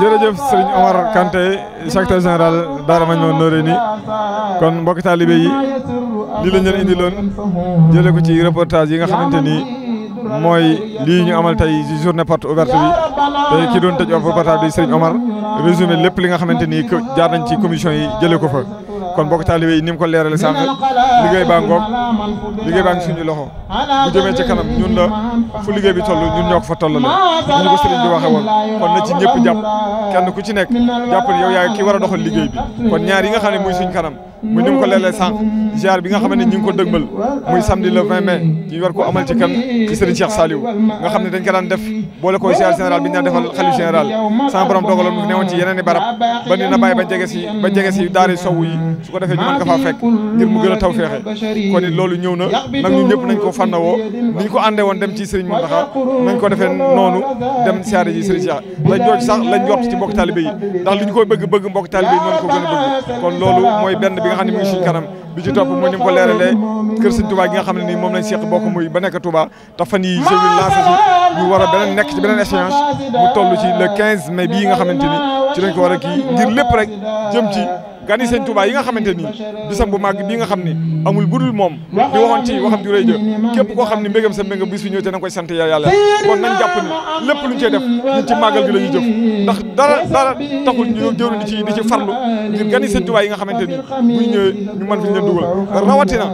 jërëjëf Serigne Omar Kanté secrétaire général Daara Majmahun Nurayni kon mbokki taalibe yi lii lañ leen indi loon jëlee ko ci reportage yi nga xamante ni mooy lii ñu amal tey journée porte ouverte bi tey ki doon tëj reportage bi Serigne Omar résumé lépp li nga xamante ni jaar nañ ci commission yi jëlee ko fa. kon bokk taalibe yi ni mu ko leerale sànq liggéey baa ngoog liggéey baa ngi suñu loxo bu jëmee ci kanam ñun la fu liggéey bi toll ñun ñoo ko fa tollale ñu ko sëriñ bi waxe kon na ci ñëpp kenn ku ci nekk jàpp ne yow yaa ki war a doxal liggéey bi kon ñaar yi nga xam muy suñ kanam mu ni mu ko leelee sànq ziar bi nga xam ne ñu ngi ko dëgmal muy samedi le 20 mai ñu war ko amal ci kan ci Serigne Cheikh Saliou nga xam ne dañ ko daan def boole ko ziar général defal xalif général sans borom dogaloon mu fi newoon ci yeneen i barab ba ni na bàyyi ba jege si ba sowu yi su ko defee ñu mën ko faa fekk ngir mu gën a taw feexe kon loolu ñëw na nag ñu ñëpp nañ ko fànnawoo ni ñu ko àndee woon dem ci Serigne Mountakha nañ ko defee noonu dem siyaare ji Serigne Cheikh lañ jooj sax lañ nga xam ne mu ngi suñu kanam bi ci topp mooy ni mu ko leeralee kër sëñ Touba gi nga xam ne nii moom lañ seq bokk muy ba nekk Touba te fan yi jeudi laasa si ñu beneen nekk beneen échéance mu toll ci le 15 mai bii nga xamante ni ci lañ ko war a kii ngir rek jëm ci gani sëñ Touba yi nga xamante ni bisam bu màgg bi nga xam ne amul budul moom di waxoon waxam ju rëy ja képp koo xam ne mbégam sa mbégam bis fi ñëw te na nga koy sant ya yàlla kon nañ jàpp ni lépp luñ cee def ñun ci màggal gi la ñuy dara dara taxul ñu jëru di ci di ci farlu ngir gani sëñ yi nga xamante ni buñ ñëwee ñu mën fi leen dugal rawatina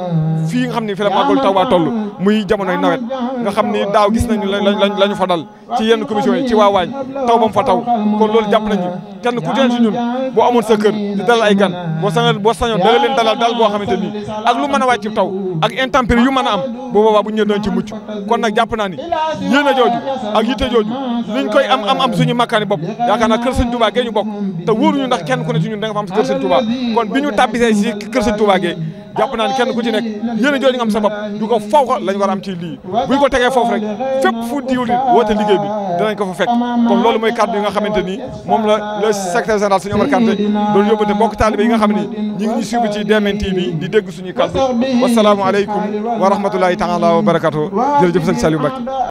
fii nga xam ni fi la màggal Tuubaa toll muy jamonoy nawet nga xam ni daaw gis nañu lañ la ñu fa dal ci yenn commission yi ci waa waañ taw ba mu fa taw kon loolu jàpp nañu kenn ku teen si ñun boo amoon sa kër di dalal ay gan boo sañoon boo sañoon dala leen dalal daal boo xamante ni ak lu mën a wàcc ci taw ak intempérie yu mën a am boo boobaa bu ñu doon ci mucc kon nag jàpp naa ni yéen a jooju ak yitte jooju koy am am am suñu makkaani bopp yaakaar naa kër kenn ku ne si ñun da jàpp naa ne kenn ku ci nekk yéen a jooju sabab du ko faw ko lañ war a am ci lii buñ ko tegee foofu rek fépp fu diwli woote liggéey bi dinañ ko fa fekk kon loolu mooy kàddu yi nga xamante nii moom la le secrétaire général suñu Omar Kanté doon yóbbante mbokk taalibe yi nga xam ne ñi ngi ñu suivi ci DMN TV bi di dégg suñuy kàddu wasalaamualeykum wa rahmatulahi taala wa barakatu jërëjëf sëñ Saliou Mbacke